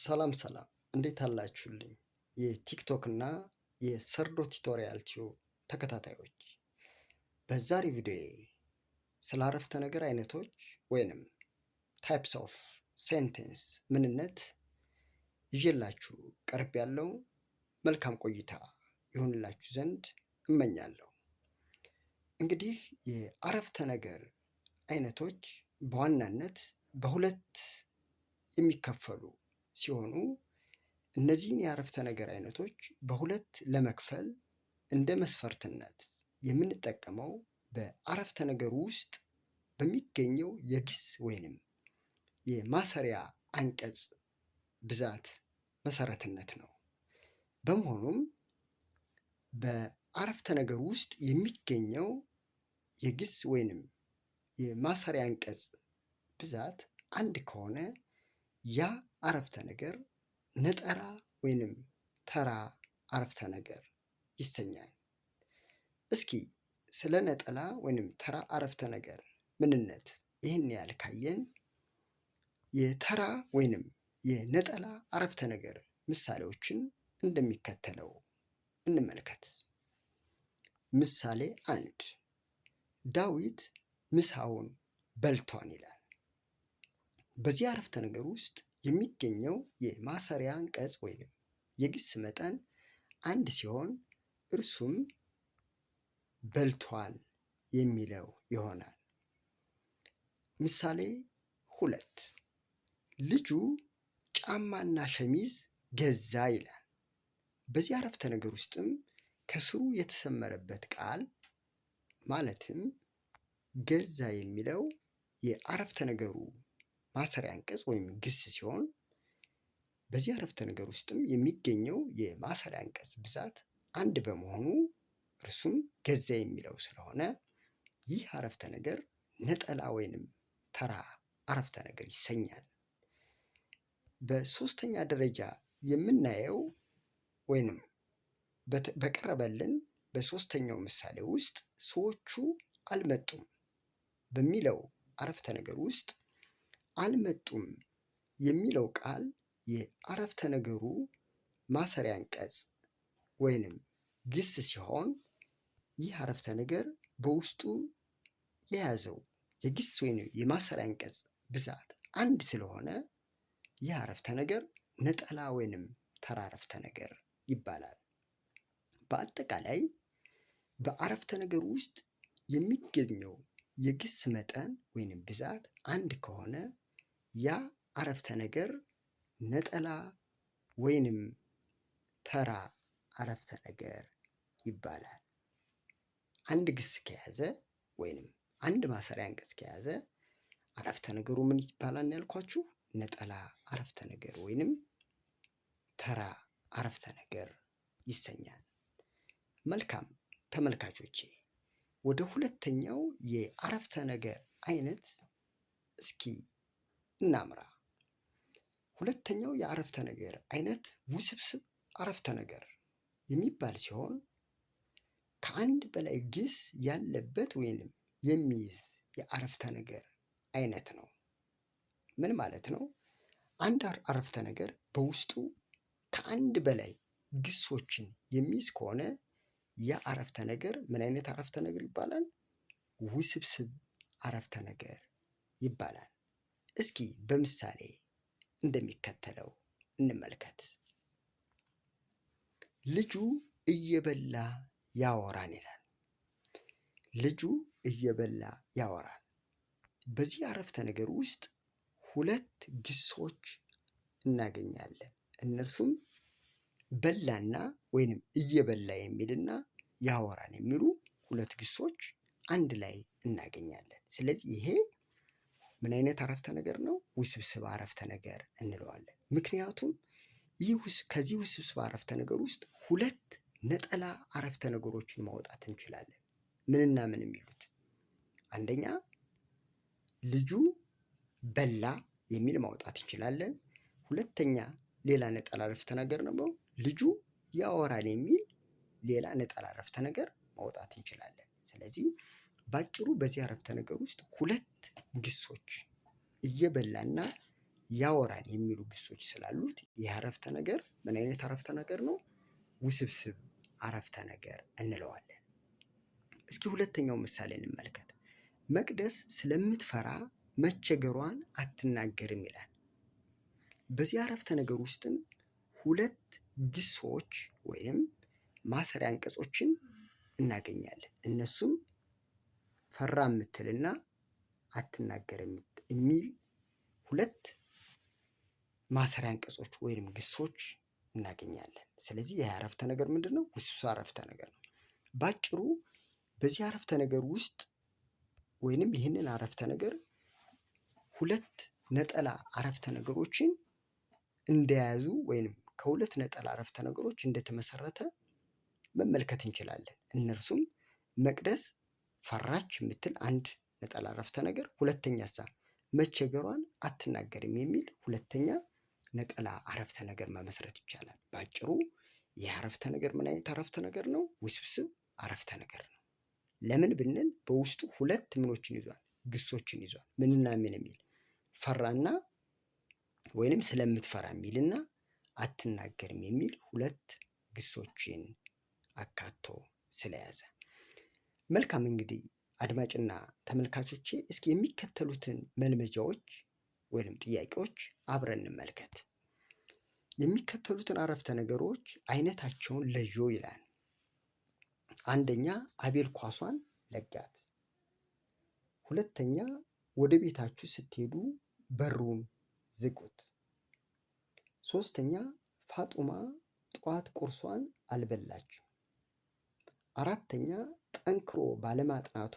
ሰላም ሰላም እንዴት አላችሁልኝ? የቲክቶክ እና የሰርዶ ቲቶሪያል ቲዩብ ተከታታዮች በዛሬ ቪዲዮ ስለ አረፍተ ነገር አይነቶች ወይንም ታይፕስ ኦፍ ሴንቴንስ ምንነት ይዤላችሁ ቀርብ ያለው መልካም ቆይታ ይሆንላችሁ ዘንድ እመኛለሁ። እንግዲህ የአረፍተ ነገር አይነቶች በዋናነት በሁለት የሚከፈሉ ሲሆኑ እነዚህን የአረፍተ ነገር አይነቶች በሁለት ለመክፈል እንደ መስፈርትነት የምንጠቀመው በአረፍተ ነገር ውስጥ በሚገኘው የግስ ወይንም የማሰሪያ አንቀጽ ብዛት መሰረትነት ነው። በመሆኑም በአረፍተ ነገር ውስጥ የሚገኘው የግስ ወይንም የማሰሪያ አንቀጽ ብዛት አንድ ከሆነ ያ አረፍተ ነገር ነጠላ ወይንም ተራ አረፍተ ነገር ይሰኛል። እስኪ ስለ ነጠላ ወይንም ተራ አረፍተ ነገር ምንነት ይህን ያህል ካየን የተራ ወይንም የነጠላ አረፍተ ነገር ምሳሌዎችን እንደሚከተለው እንመልከት። ምሳሌ አንድ ዳዊት ምሳውን በልቷን ይላል። በዚህ አረፍተ ነገር ውስጥ የሚገኘው የማሰሪያ አንቀጽ ወይም የግስ መጠን አንድ ሲሆን እርሱም በልቷል የሚለው ይሆናል። ምሳሌ ሁለት ልጁ ጫማና ሸሚዝ ገዛ ይላል። በዚህ አረፍተ ነገር ውስጥም ከስሩ የተሰመረበት ቃል ማለትም ገዛ የሚለው የአረፍተ ነገሩ ማሰሪያ አንቀጽ ወይም ግስ ሲሆን በዚህ አረፍተ ነገር ውስጥም የሚገኘው የማሰሪያ አንቀጽ ብዛት አንድ በመሆኑ እርሱም ገዛ የሚለው ስለሆነ ይህ አረፍተ ነገር ነጠላ ወይንም ተራ አረፍተ ነገር ይሰኛል። በሶስተኛ ደረጃ የምናየው ወይንም በቀረበልን በሶስተኛው ምሳሌ ውስጥ ሰዎቹ አልመጡም በሚለው አረፍተ ነገር ውስጥ አልመጡም የሚለው ቃል የአረፍተ ነገሩ ማሰሪያ አንቀጽ ወይንም ግስ ሲሆን ይህ አረፍተ ነገር በውስጡ የያዘው የግስ ወይንም የማሰሪያ አንቀጽ ብዛት አንድ ስለሆነ ይህ አረፍተ ነገር ነጠላ ወይንም ተራ አረፍተ ነገር ይባላል። በአጠቃላይ በአረፍተ ነገር ውስጥ የሚገኘው የግስ መጠን ወይንም ብዛት አንድ ከሆነ ያ አረፍተ ነገር ነጠላ ወይንም ተራ አረፍተ ነገር ይባላል። አንድ ግስ ከያዘ ወይንም አንድ ማሰሪያ አንቀጽ ከያዘ አረፍተ ነገሩ ምን ይባላል ያልኳችሁ ነጠላ አረፍተ ነገር ወይንም ተራ አረፍተ ነገር ይሰኛል። መልካም ተመልካቾቼ ወደ ሁለተኛው የአረፍተ ነገር አይነት እስኪ እናምራ። ሁለተኛው የአረፍተ ነገር አይነት ውስብስብ አረፍተ ነገር የሚባል ሲሆን ከአንድ በላይ ግስ ያለበት ወይንም የሚይዝ የአረፍተ ነገር አይነት ነው። ምን ማለት ነው? አንድ አረፍተ ነገር በውስጡ ከአንድ በላይ ግሶችን የሚይዝ ከሆነ ያ አረፍተ ነገር ምን አይነት አረፍተ ነገር ይባላል? ውስብስብ አረፍተ ነገር ይባላል። እስኪ በምሳሌ እንደሚከተለው እንመልከት። ልጁ እየበላ ያወራን ይላል። ልጁ እየበላ ያወራን። በዚህ አረፍተ ነገር ውስጥ ሁለት ግሶች እናገኛለን። እነርሱም በላና ወይንም እየበላ የሚልና ያወራን የሚሉ ሁለት ግሶች አንድ ላይ እናገኛለን። ስለዚህ ይሄ ምን አይነት አረፍተ ነገር ነው? ውስብስብ አረፍተ ነገር እንለዋለን። ምክንያቱም ይህ ከዚህ ውስብስብ አረፍተ ነገር ውስጥ ሁለት ነጠላ አረፍተ ነገሮችን ማውጣት እንችላለን። ምንና ምን የሚሉት አንደኛ ልጁ በላ የሚል ማውጣት እንችላለን። ሁለተኛ ሌላ ነጠላ አረፍተ ነገር ነው ልጁ ያወራል የሚል ሌላ ነጠላ አረፍተ ነገር ማውጣት እንችላለን። ስለዚህ ባጭሩ በዚህ አረፍተ ነገር ውስጥ ሁለት ግሶች እየበላና ያወራል የሚሉ ግሶች ስላሉት ይህ አረፍተ ነገር ምን አይነት አረፍተ ነገር ነው? ውስብስብ አረፍተ ነገር እንለዋለን። እስኪ ሁለተኛው ምሳሌ እንመልከት። መቅደስ ስለምትፈራ መቸገሯን አትናገርም ይላል። በዚህ አረፍተ ነገር ውስጥም ሁለት ግሶች ወይም ማሰሪያ አንቀጾችን እናገኛለን። እነሱም ፈራ የምትልና አትናገር የሚል ሁለት ማሰሪያ አንቀጾች ወይም ግሶች እናገኛለን። ስለዚህ ይህ አረፍተ ነገር ምንድን ነው? ውስብስብ አረፍተ ነገር ነው። ባጭሩ በዚህ አረፍተ ነገር ውስጥ ወይንም ይህንን አረፍተ ነገር ሁለት ነጠላ አረፍተ ነገሮችን እንደያዙ ወይንም ከሁለት ነጠላ አረፍተ ነገሮች እንደተመሰረተ መመልከት እንችላለን። እነርሱም መቅደስ ፈራች የምትል አንድ ነጠላ አረፍተ ነገር፣ ሁለተኛ ሳ መቸገሯን አትናገርም የሚል ሁለተኛ ነጠላ አረፍተ ነገር መመስረት ይቻላል። በአጭሩ ይህ አረፍተ ነገር ምን አይነት አረፍተ ነገር ነው? ውስብስብ አረፍተ ነገር ነው። ለምን ብንል በውስጡ ሁለት ምኖችን ይዟል፣ ግሶችን ይዟል። ምንና ምን የሚል ፈራና ወይንም ስለምትፈራ የሚልና አትናገርም የሚል ሁለት ግሶችን አካቶ ስለያዘ መልካም እንግዲህ አድማጭና ተመልካቾቼ እስኪ የሚከተሉትን መልመጃዎች ወይም ጥያቄዎች አብረን እንመልከት። የሚከተሉትን አረፍተ ነገሮች አይነታቸውን ለዩ ይላል። አንደኛ አቤል ኳሷን ለጋት። ሁለተኛ ወደ ቤታችሁ ስትሄዱ በሩን ዝጉት። ሶስተኛ ፋጡማ ጠዋት ቁርሷን አልበላችም። አራተኛ ጠንክሮ ባለማጥናቱ